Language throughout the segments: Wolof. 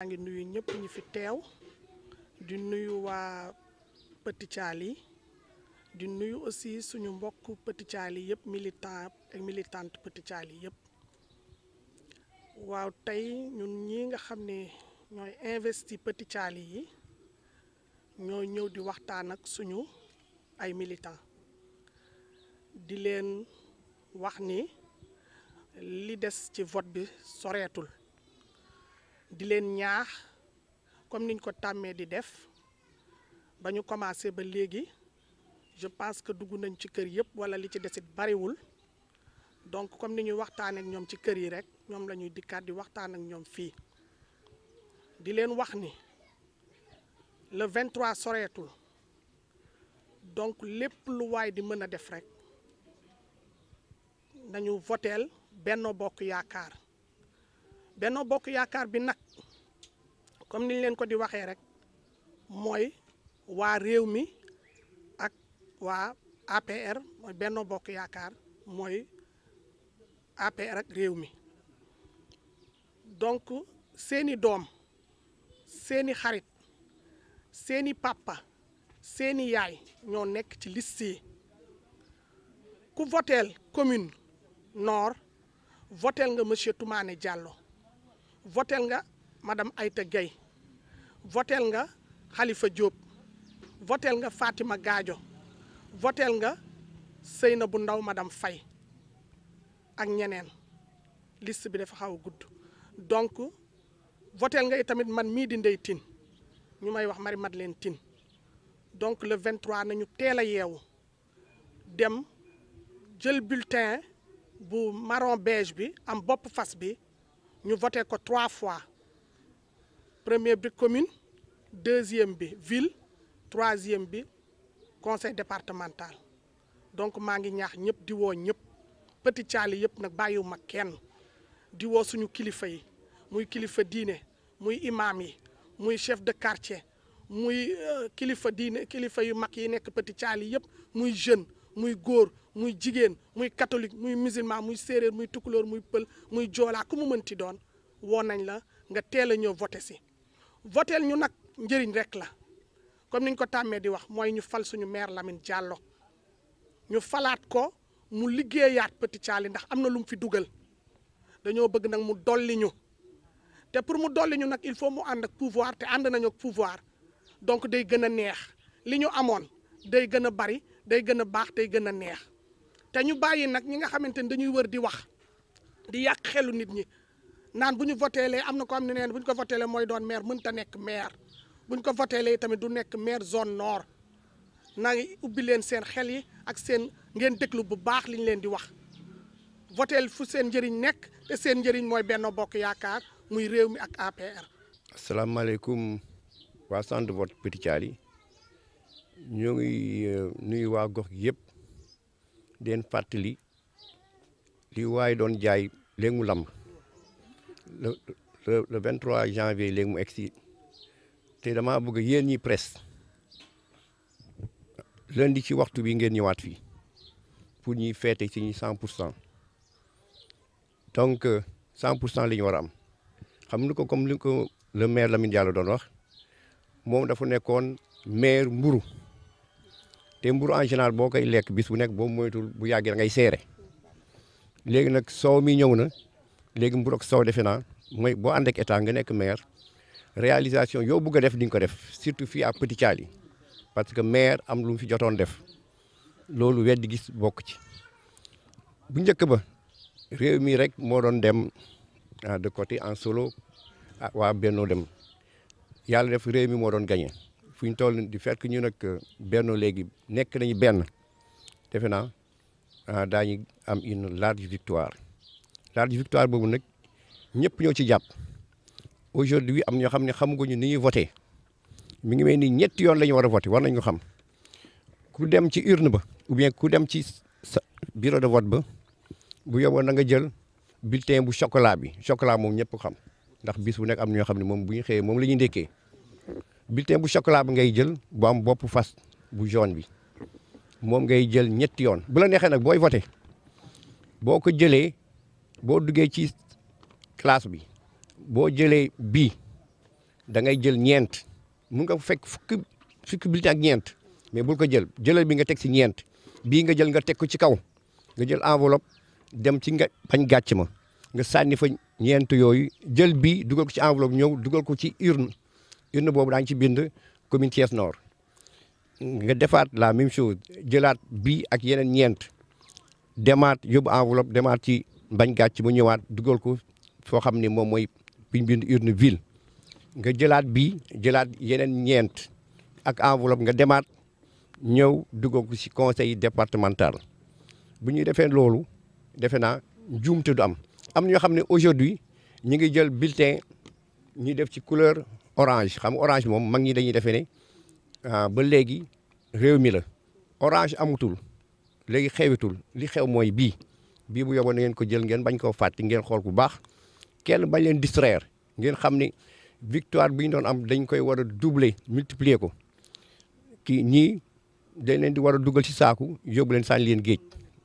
maa ngi nuyu ñëpp ñi fi teew di nuyu waa Petit Thialy di nuyu aussi suñu mbokk Petit Thialy yëpp militant ak militante Petit Thialy yëpp waaw tey ñun ñi nga xam ne ñooy investi Petit Thialy yi ñoo ñëw di waxtaan ak suñu ay militant di leen wax ni li ci vote bi di len ñaax comme niñ ko tamé di def bañu commencer ba légui je pense que duggu nañ ci kër yépp wala li ci desit bariwul donc comme niñu ñuy waxtaan ak ñom ci kër yi rek ñom la ñuy dikkaat di waxtaan ak ñom fi di len wax ni le 23 soreetul donc lepp lu way di mëna def rek nañu voter Benno Bokk yaakar Benno Bokk Yaakaar bi nag comme niñ leen ko di waxee rek mooy waa réew mi ak waa APR mooy Benno Bokk Yaakaar mooy APR ak réew mi donc seeni doom seeni xarit seeni papa seeni yaay ñoo nekk ci liste ku voteel commune noor voteel nga monsieur Toumane Diallo votel nga madam Aïta Gueye votel nga xalifa Diop votel nga Fatima gaajo votel nga sëy na bu ndaw madame fay ak ñeneen list bi dafa xaw a gudd donc votel nga tamit man mii di Ndey tin ñu may wax Marie leen tin donc le 23 nañu teel a yeewu dem jël bulletin bu marron beige bi am bopp fas bi Nous votons trois fois premier bi commune deuxième bi ville troisième bi conseil départemental donc je ngi ñaax di le monde, petit yep nak bayu bàyyiwuma nous di wo suñu kilifa yi muy kilifa nous muy imam yi chef de quartier muy euh, kilifa diiné kilifa yu Nous yi nek petit chali yep, muy jeune muy jigéen muy catholique muy musulman muy séeréer muy tukulóor muy pël muy joolaa ku mu mënti doon woo nañ la nga teel a ñëw voté si votel ñu nag njëriñ rek la comme niñ ko tàmmee di wax mooy ñu fal suñu maire Lamine Diallo ñu falaat ko mu liggéeyaat Petit Thialy ndax am na lu mu fi dugal dañoo bëgg nag mu dolli ñu te pour mu dolli ñu nag il faut mu ànd ak pouvoir te ànd nañu ak pouvoir donc day gën a neex li ñu amoon day gën a bari day gën a baax day gën a neex te ñu nak nag ñi nga xamante ni dañuy wër di wax di yàq xelu nit ñi naan bu ñu voteelee am na ko am ne neen bu ñu ko voteelee doon maire mënta nekk maire bu ñu ko voteelee tamit du maire zone nord ngi ubbi leen seen xel yi ak seen ngeen déglu bu baax li leen di wax voteel fu seen njëriñ nekk te seen njëriñ mooy Benno Bokk muy réew mi ak APR. asalaamaaleykum waa centre vote Petit Thialy ñoo ngi euh, nuyu gox den fàttali li waaye doon jaay léegi mu lamb le le vingt trois janvier léegi mu egsi te damaa bëgg yéen ñi presse lundi ci waxtu bi ngeen ñëwaat fii pour ñuy feete ci ñi cent pour cent donc cent pour cent li ñu war a am xam nu ko comme li ko le maire Lamine Diallo doon wax moom dafa nekkoon maire mburu te mburu en général boo koy lekk bis bu nekk boo moytul bu yàggee da ngay seere léegi nag soow mi ñëw na léegi mburu ak soow defe naa mooy boo ànd ak état nga nekk maire réalisation yoo bugg a def di nga ko def surtout fii à Petit parce que maire am lu mu fi jotoon def loolu weddi gis bokk ci bu njëkk ba réew mi rek moo doon dem ah, de côté en solo ah waa Benno dem yàlla def réew mi moo doon gañe fu ñu toll di fekk ñu nag euh, benn léegi nekk nañu benn defe naa ah, daañu am une large victoire large victoire boobu nag ñëpp ñoo ci jàpp aujourd'hui am ñoo xam ne ñu ni ñuy voté mi ngi mel ni ñetti yoon la ñu war a voté war nañu xam ku dem ci urne ba ou bien ku dem ci sa bureau de vote ba bu yóbboo na nga jël bulletin bu chocolat bi chocolat moom ñëpp xam ndax bis bu nekk am ñoo xam ne moom bu ñu xëyee moom la ñuy ndékkee bulletin bu chocolat bi ngay jël bu am bopp fas bu jaune bi moom ngay jël ñetti yoon bu la neexee nag booy voté boo ko jëlee boo duggee ci classe bi boo jëlee bi dangay jël ñeent mun nga fekk fukk fukki bulletin ak ñeent mais bul ko jël jëlal bi nga teg si ñeent bii nga jël nga teg ko ci kaw nga jël enveloppe dem ci nga bañ gàcc ma nga sànni fa ñeent yooyu jël bi dugal ko ci enveloppe ñëw dugal ko ci urne urne boobu daañu ci bind commune Thiès noor nga defaat la même chose jëlaat bii ak yeneen ñeent demaat yóbbu enveloppe demaat ci mbañ ci mu ñëwaat dugal ko foo xam ni moom mooy biñ bind urne ville nga jëlaat bii jëlaat yeneen ñeent ak enveloppe nga demaat ñëw dugal ko ci conseil départemental bu ñuy defee loolu defe naa njuumte du am am na xam ne aujourd'hui ñu ngi jël bulletin ñu def ci couleur orange xam orange moom mag ñi dañuy defee ne ah, ba léegi réew mi la orange amutul léegi xewitul li xew mooy bi, bi bu yoboo na ngeen ko jël ngeen bañ koo fàtte ngeen xool bu baax kenn bañ leen distraire ngeen xam ne victoire bi doon am dañ koy war a doubler multiplier ko kii ñii dañ leen di war a dugal ci saaku yóbbu leen sànni leen géej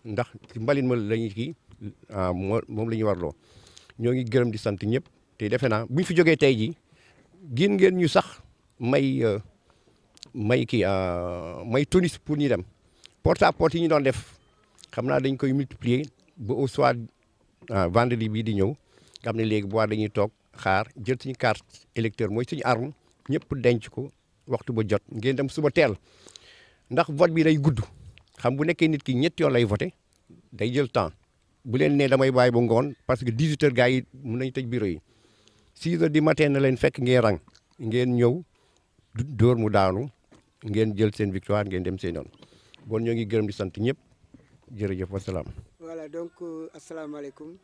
ndax ci mbalin ma lañu kii ah, moom la ñuy ñoo ngi gërëm di sant ñëpp te defe naa bu ñu fi jógee tey jii gin ngeen ñu sax may euh, may kii euh, may tonis pour ñu dem porte à porte yi ñu doon def xam naa dañ koy multiplier ba au soir euh, di bii di ñëw nga xam ne léegi bu dañuy toog xaar jël suñu carte électeur mooy suñu arme ñëpp denc ko waxtu ba jot ngeen dem suba teel ndax vote bi day gudd xam bu nekkee nit ki ñetti yoon lay voté day jël temps bu leen nee damay bàyyi bu ngoon parce que 18 heures gars yi mun nañu tëj yi. six heures du matin na leen fekk ngeen rang ngeen ñëw dóor mu daanu ngeen jël seen victoire ngeen dem seen yoon bon ñoo ngi gërëm di sant ñëpp jërëjëf salam. voilà donc euh, asalaamaaleykum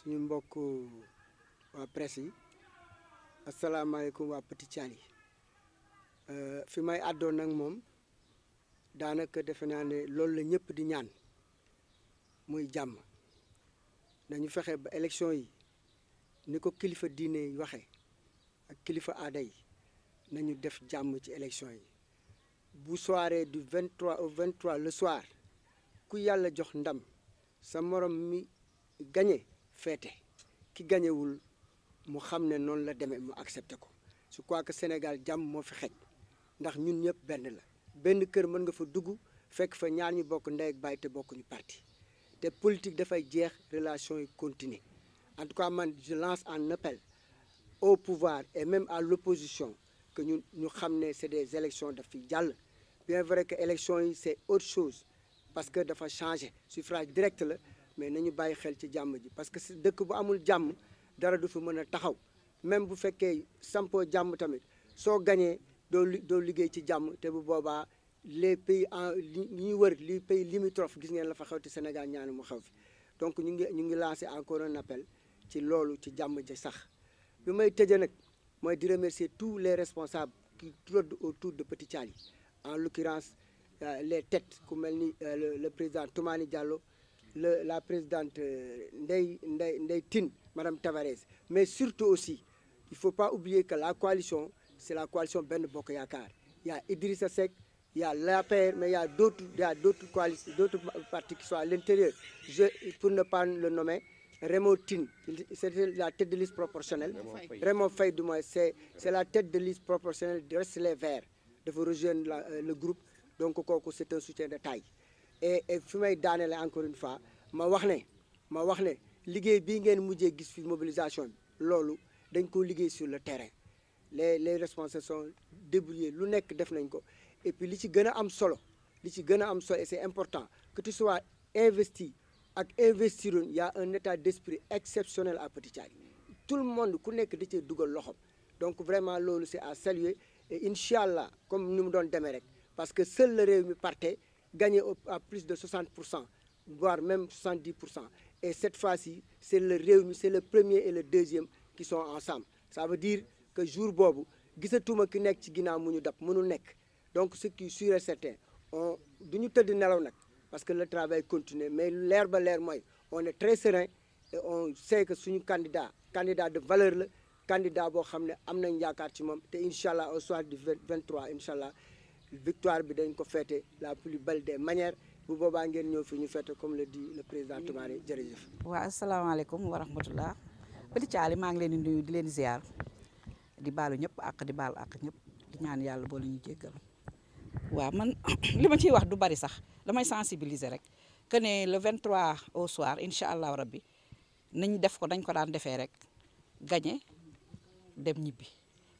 suñu mbokk euh, waa presse yi asalaamaaleykum wa Petit Thialy euh, fi may àddoon nag mom daanaka defe naa ne loolu la ñëpp di ñaan muy jàmm nañu fexe ba élection yi ni ko kilifa diine waxe ak kilifa aada yi nañu def jàmm ci élection yi bu soirée du 23 au 23 le soir ku yàlla jox ndam sa morom mi gañe feete ki gañewul mu xam ne noonu la demee mu accepté ko je crois que Sénégal jàmm moo fi xej ndax ñun ñëpp benn la benn kër mën nga fa dugg fekk fa ñaar ñi bokk ndey ak baay te bokkuñu parti te politique dafay jeex relation yi continuer en tout cas man je lance un appel au pouvoir et même à l'opposition que ñu ñu xam c'est des élections de fi bien vrai que l'élection c'est autre chose parce que dafa changer suffrage direct la mais nañu bàyyi xel ci jàmm ji parce que dès que bu amul jàmm dara du fi mën a taxaw même bu fekkee sampoo jàmm tamit soo gañee doo doo liggéey ci jàmm te bu boobaa les pays en li ñuy wër li pays limitrophes gis ngeen la fa xew te Sénégal ñaanu mu donc ñu ngi ñu ngi lancer encore un appel ci loolu ci sax bi may remercier tous les responsables qui tournent autour de Petit chali en l'occurrence euh, les têtes comme euh, le président Toumani Diallo la présidente euh, Ndeye Mme madame Tavares mais surtout aussi il faut pas oublier que la coalition c'est la coalition Ben Bokk Il y a Idrissa Seck y a l'APR mais y a d'autres y a d'autres coalitions d'autres partis qui sont à l'intérieur je pour ne pas le nommer Raymond Tin, c'est la tête de liste proportionnelle. Raymond Faye, du c'est la tête de liste proportionnelle de Reste les Verts, de vous rejoindre euh, le groupe. Donc, c'est un soutien de taille. Et, Fumay Danel, encore une fois, je ma vous ma que ligue bingen moudje gis mobilisation, lolo, vous ko ligué sur le terrain. Les, responsables sont débrouillés, fait. Et puis, ce gana am solo, plus gana et c'est important que tu sois investi ak il y' a un état d'esprit exceptionnel à Petit tout le monde connaît que da cee donc vraiment c'est à saluer et Inch'Allah, comme nous nous donnons des parce que seul le Réunion partait gagnait à plus de 60 voire même 70 et cette fois-ci c'est le Réunion, c'est le premier et le deuxième qui sont ensemble ça veut dire que jour Bobu, il ki ci ñu dab mënul donc ce qui est sûr et certain on ne peut parce que le travail continue mais l'air ba l'air mooy on est très serein et on sait que suñu candidat candidat de valeur le candidat boo xam ne am nañ yaakaar ci moom allah au soir du 23 incha allah victoire bi dañ ko fêter la plus belle des manières Vous boobaa ngeen ñëw fi ñu comme le dit le président Toumani jërëjëf. waaw asalaamaaleykum wa rahmatullah Petit Thialy maa ngi leen di nuyu di leen ziar di baalu ñëpp ak di baalu ak ñëpp di ñaan yàlla boole ñu jéggal waaw man li ma ciy wax du bari sax damay sensibiliser rek que ne le 23 au soir incha allahu rabbi nañ def ko dañ ko daan defee rek gañe dem ñibbi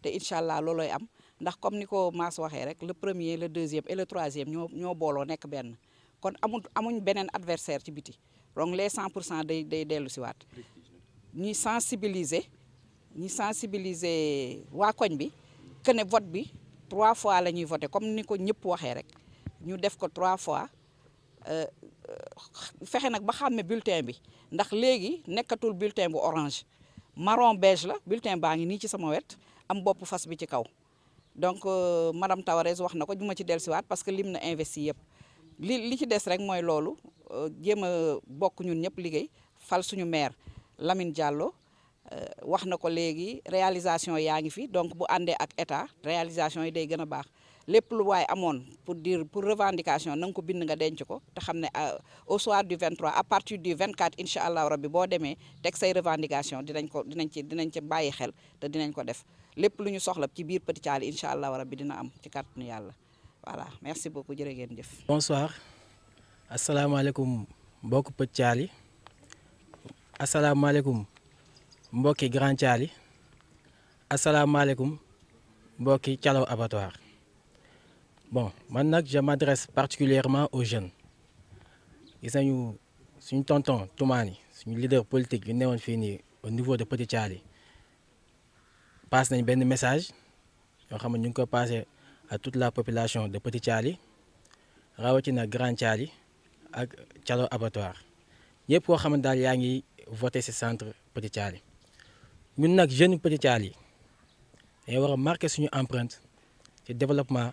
te incha allah am ndax comme ni ko Mass rek le premier le deuxième et le troisième ñoo ñoo booloo nekk benn kon amul amuñ beneen adversaire ci biti donc les 100 pour cent day day dellu si sensibiliser ñuy sensibiliser waa koñ bi que ne vote bi trois fois la ñuy voté comme ni ko ñëpp waxee rek ñu def ko trois fois euh, fexé nak ba xamé bulletin bi ndax légui nekatul bulletin bu orange marron beige la bulletin baangi ni ci sama wette am bop fas bi ci kaw donc euh, madame Tawarez wax na ko du ma ci parce que lim na investi yep li li ci dess rek moy lolu euh, jéem bok ñun ñep liggéey fal suñu maire Lamine Diallo wax na ko réalisation yaangi fi donc bu andé ak état réalisation yi day gëna baax. Les lu pour dire pour revendication ko bind nga euh, au soir du 23 à partir du 24 inshallah, rabbi say revendication dinañ ko dinañ ci dinañ ci xel te def soxla ci Petit Charlie, inshallah, dina am ci de voilà merci beaucoup Bonsoir. ngeen alaikum, bonsoir alaikum Charlie. Petit alaikum, beaucoup Grand Assalamu alaikum, beaucoup Abattoir bon maintenant je m'adresse particulièrement aux jeunes nous, ont une tonton Toumani une leader politique une newoon fii au niveau de Petit Thialy passe nañ un message Nous avons passé à toute la population de Petit Thialy rawatina Grand Tchali, ak à Abattoir Nous avons xam ne daal yaa ngi voter ce centre Petit Nous, avons jeunes jeune Petit Thialy dañoo war marqué une empreinte ci développement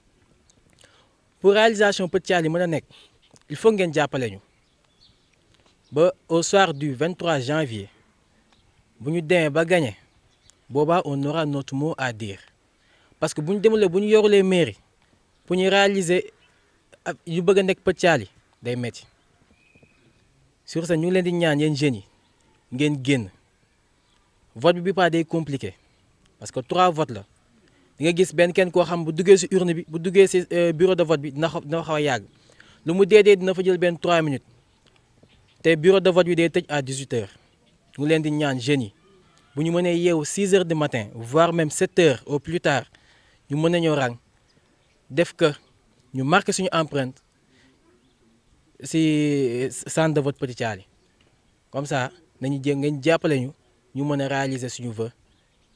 pour réalisation Petit Thialy il faut ngeen nous nous. ba au soir du 23 janvier bu ñu avons ba gagné boba on aura notre mot à dire parce que si nous avons les mairie pour réaliser yu bëgg nek Petit Thialy day metti sur ce ñu ngi leen di ñaan yeen jeunes yi génn vote bi pas dé compliqué parce que trois votes là nga gis ben kenn koo xam bu duggee si urne bi bu duggee si euh, bureau de vote bi dina xaw dina xaw a yàgg lu mu dee dee dina fa jël benn 3 minutes te bureau de vote bi day tëj à 18h mu leen di ñaan jeunes yi bu ñu mënee yeewu 6h du matin voire même 7h au plus tard ñu mën a ñëw rang def que ñu marqué suñu empreinte si euh, centre de vote Petit Thialy comme ça nañu jéem ngeen jàppale ñu ñu mën a réaliser suñu vœu.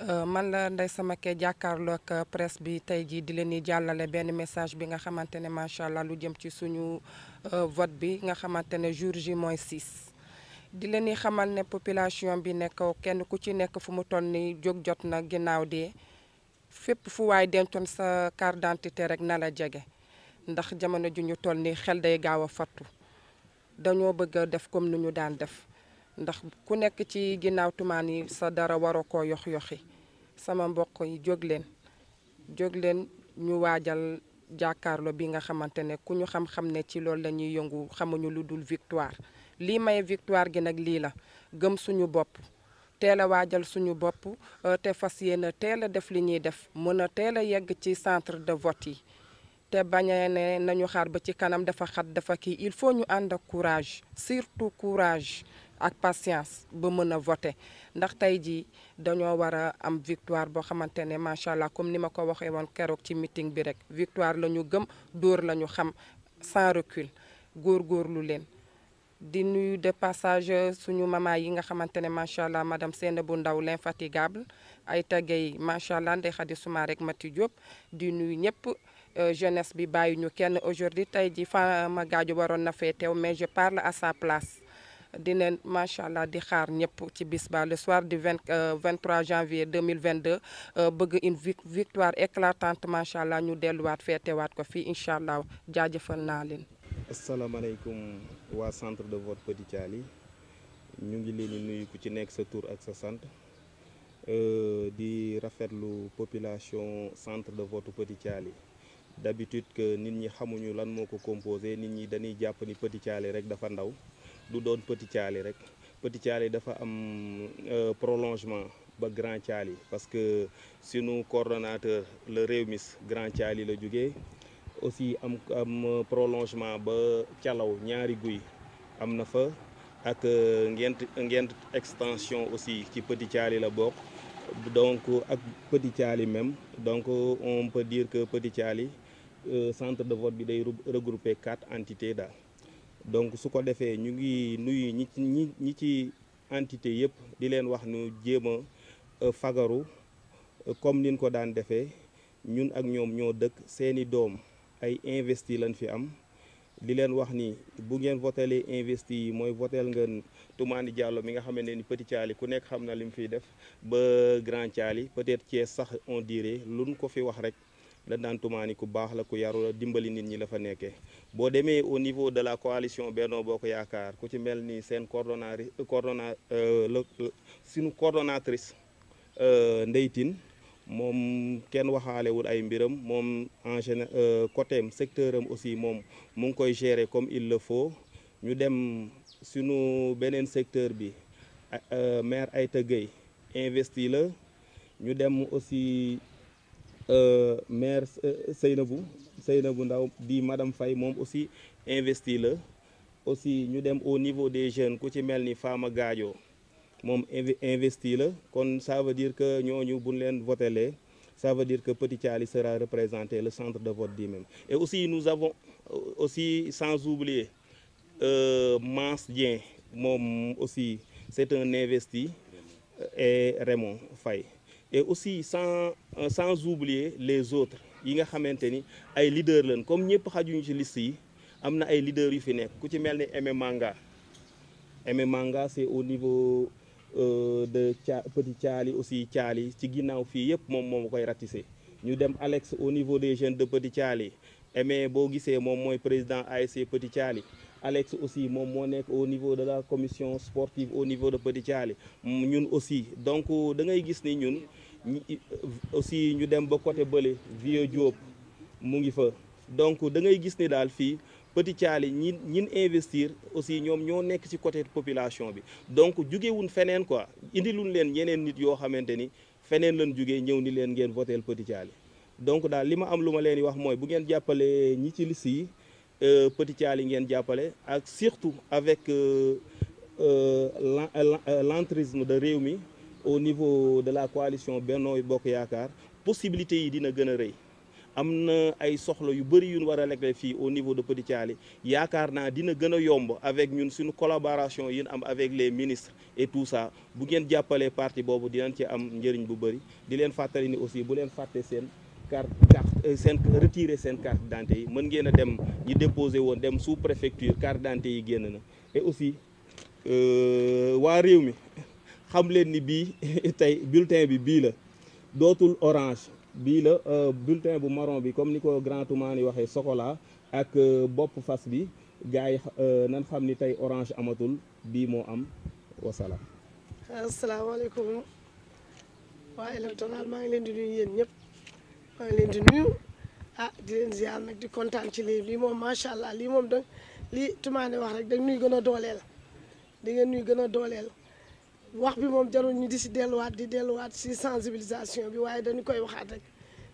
Euh, man la Ndeye sama jàkkaarloo ak euh, presse bi tey jii di leen di jàllale benn message bi nga xamante ne macha allah lu jëm ci suñu euh, vote bi nga xamante ne jour J moins 6. di leen di xamal ne population bi nekk kenn ku ci nekk fu mu toll ni jóg jot na ginnaaw dee fépp fu waay dencoon sa carte d'identité rek na la jege ndax jamono ju ñu toll nii xel day gaaw a fattu dañoo bëgg a def comme lu ñu daan def. ndax ku nekk ci ginnaaw tumaan yi sa dara wara koo yox-yoxi sama mbokk yi jóg leen jóg leen ñu waajal jàkkaarloo bi nga xamante ne ku ñu xam-xam ne ci loolu lañuy yëngu xamuñu lu dul victoire lii may victoire gi nag lii la gëm suñu bopp teel a waajal suñu bopp euh, te fas yéen a teel a def li ñuy def mën a teel a yegg ci centre de vote yi te bañee ne nañu xaar ba ci kanam dafa xat dafa kii il faut ñu ànd ak courage surtout courage ak patience ba mën a voter ndax tey jii dañoo war a am victoire boo xamante ne macha allah comme ni ma ko waxee woon keroog ci meeting bi rek victoire la ñu gëm dóor la ñu xam sans recul góorgóorlu leen. di nuyu de passage suñu mama yi nga xamante ne macha allah madame Seynabou Ndaw l'infatigable ay taggay macha allah Ndeye Khady Soumaré rek Mati Diop di nuyu ñëpp. Euh, jeunesse bi bàyyi ñu kenn aujourd'hui tey ji ma Gadio waroon na fee teew mais je parle à sa place dinen machallah di xaar ñëpp ci bisba le soir du 23 euh, janvier 2022 euh, bëgg une victoire éclatante ñu déllu waat fété waat ko fi inshallah jaajeufal na leen assalamu alaykum wa centre de vote Petit ali, ñu ngi leen nuyu ku ci nek sa tur ak sa euh di rafetlu population centre de vote Petit ali. d'habitude que nit ñi xamuñu lan moko composer nit ñi dañuy japp ni Petit Thialy rek dafa ndaw. du doon Petit Charlie, rek Petit Charlie dafa un euh, prolongement ba Grand Charlie parce que si nous coordonnateur le Rewmis Grand Charlie la jugé aussi un prolongement de Calaw ñaari guuy am na euh, extension aussi ci Petit Thialy la donc Petit Charlie même donc on peut dire que Petit le euh, centre de vote bi day regroupé quatre entités là. donc su ko defee ñu ngi nuyu ñi ñi ñi ci entité yëpp di leen wax nu jéema euh, fagaru euh, comme niñ ko daan defee ñun ak ñoom ñoo dëkk seeni doom ay investi lañ fi am di leen wax ni bu ngeen votelee investi yi mooy votel ngeen Toumani Diallo mi nga xam ne ni Petit Thialy ku nekk xam na li mu fiy def ba Grand Thialy peut-être sax on dirait luñ ko fi wax rek la Dantumaani ku baax la ku yaru dimbali nit ñi la fa nekkee bo démé au niveau de la coalition berno boko yaakar ku ci melni sen seen coordonnatrice coordonna euh, la suñu coordonnatrice euh, Ndeye Tine moom kenn waxaalewul ay mbiram mom en général euh, côté am aussi mom mu ngi koy gérer comme il le faut ñu dem sinu benen secteur bi euh maire ayta Gueye investi le ñu dem aussi euh, Mère euh, Seynabou Seynabou Ndaw dit madame Faye aussi investi le aussi nous au niveau des jeunes ku ci ni investi ça veut dire que nous buñ leen ça veut dire que Petit Charlie sera représenté le centre de vote et aussi nous avons euh, aussi sans oublier euh, Dien aussi c'est un investi et Raymond Faye et aussi sans euh, sans oublier les autres yi nga les leaders comme nous, avons ci liste yi am des leaders yu fi nekk ku ci Manga M. Manga c'est au niveau euh, de Petit Charlie, aussi Thialy ci qui fii yëpp moom Nous avons ratissé ñu dem Alex au niveau des jeunes de Petit Charlie. Aimé Boguissé, c'est mon président ASC Petit Charlie. Alex aussi mon monnaie au niveau de la commission sportive au niveau de Petit Charlie. Nous aussi donc euh, da ngay gis ni ñun euh, aussi ñu dem ba côté Vieux Diop donc da ngay gis ni dal fi Petit investir aussi ñom ño nekk ci côté population donc wun fenen quoi luñ leen yenen nit yo xamanteni fenen lañ ni leen ngeen Petit donc dal lima am luma wax bu ñi ci euh, surtout avec euh, l'entrisme de Rewmi au niveau de la coalition Benno Bok Yakar, possibilité yi dina y a ay soxlo yu bari yu wara au niveau de Petit dina gëna yomb avec ñun suñu collaboration yi am avec les ministres et tout ça bu ngeen jappalé parti boobu dinañ ci am bu bari di ni aussi euh, retirer carte mën dem ñi dem sous préfecture carte d'identité yi et aussi euh, réew xam leen ni bulletin bi bi la orange bi la euh, bulletin bu marron bi comme niko grand Toumane waxe chocolat ak euh, bop fas bi gars yi euh, nan xam tay orange amatul bi mo am wasalaam. asalaamaaleykum waa Wa maa ngi len di nuyu yéen ñep maa ngi leen di nuyu ah di len ziar nak di kontaan ci li li moom machallah li lii moom li lii Toumane wax rek da nuy gëna dolel dooleel ngeen nuy gën wax bi moom jarul ñu di si delluwaat di delluwaat si sensibilisation bi waaye dañu koy waxaat rek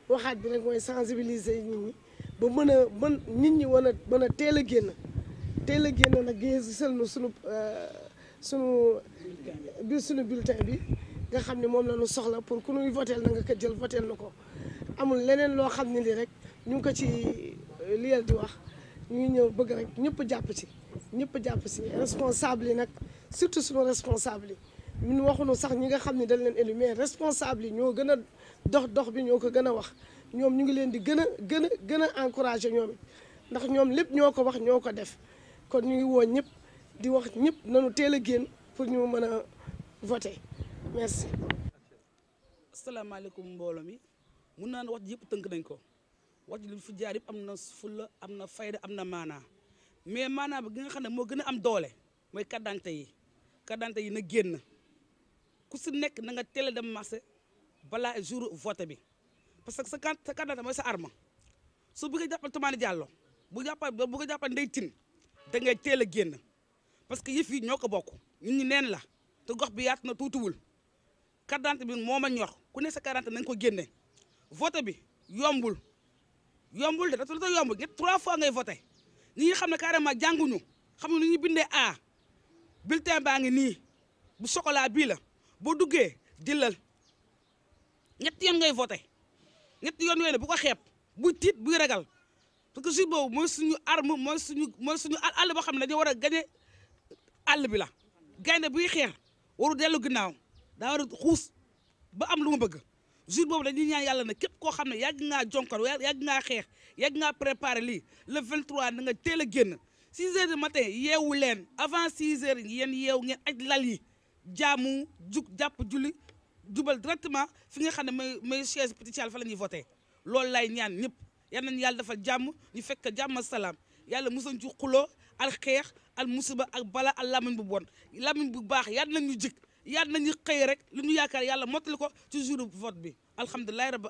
waxaat bi rek mooy sensibiliser nit ñi ba mën a mën nit ñi mën a mën a teel a génn teel a génn nag gisal nu sunu euh, sunu bi sunu bulletin bi nga xam ne moom la ñu soxla pour ku ñuy voteel na nga ko jël voteel na ko amul leneen loo xam ne li rek ñu ngi ko ci euh, liyal di wax ñu ñëw bëgg rek ñëpp jàpp ci ñëpp jàpp ci responsable yi nag surtout sunu responsable yi ñun waxuñu sax ñi nga xam ne dañ leen élu mais responsable yi ñoo gën a dox dox bi ñoo ko gën a wax ñoom ñu ngi leen di gën a gën a gën a encouragé ñoom it ndax ñoom lépp ñoo ko wax ñoo ko def kon ñu ngi woo ñëpp di wax ñëpp nañu teel a génn pour ñu mën a voter merci. asalaamaaleykum mbooloo mi mun naa ne wax ji yëpp tënk nañ ko wax ji lu fi jaar yëpp am na fulla am na fayda am na maanaa mais maanaa bi nga xam ne moo gën a am doole mooy carte yi carte yi na génn. ku si nekk na nga teel a dem marché balaa jour vote bi parce que sa carte sa carte mooy sa arme su bëggee jàppal Toumani Diallo bu jàppal bu ko jàppal Ndeye Tine da ngay teel a génn parce que yëf yi ñoo ko bokk ñun ñi neen la te gox bi yaatu na tuutiwul carte d'identité bi moo ma ñor ku ne sa carte nañ ko génne vote bi yombul yombul de dafa la yombul ñett trois fois ngay voté ñi nga xam ne carrément jànguñu xam ne lu ñuy bindee A bulletin baa ngi nii bu chocolat bii la. boo duggee dillal ñett yoon ngay voté ñetti yoon yooyu ne bu ko xeeb buy tiit buy ragal parce que su boobu mooy suñu arme mooy suñu mooy suñu àll boo xam ne dañoo war a gañe àll bi la gaynde buy xeex waru dellu ginnaaw daa war a xuus ba am lu mu bëgg jour boobu dañuy ñaan yàlla na képp koo xam ne yàgg ngaa jonkor yàgg ngaa xeex yàgg ngaa préparé lii le 23 na nga teel a génn 6 heures du matin yeewu leen avant 6 heures yeen yeew ngeen aj lal yi jaamu jug jàpp julli jubal directement fi nga xam ne mooy mooy chaise Petit Thialy fa la ñuy voté loolu laay ñaan ñëpp yal nañu yàlla defal jàmm ñu fekk jàmm salaam yàlla musañ ci xuloo al xeex al musiba ak bala al lamiñ bu bon lamiñ bu baax yal nañu jik yal nañu xëy rek lu ñu yaakaar yàlla mottali ko ci jour vote bi alhamdulilah rabbi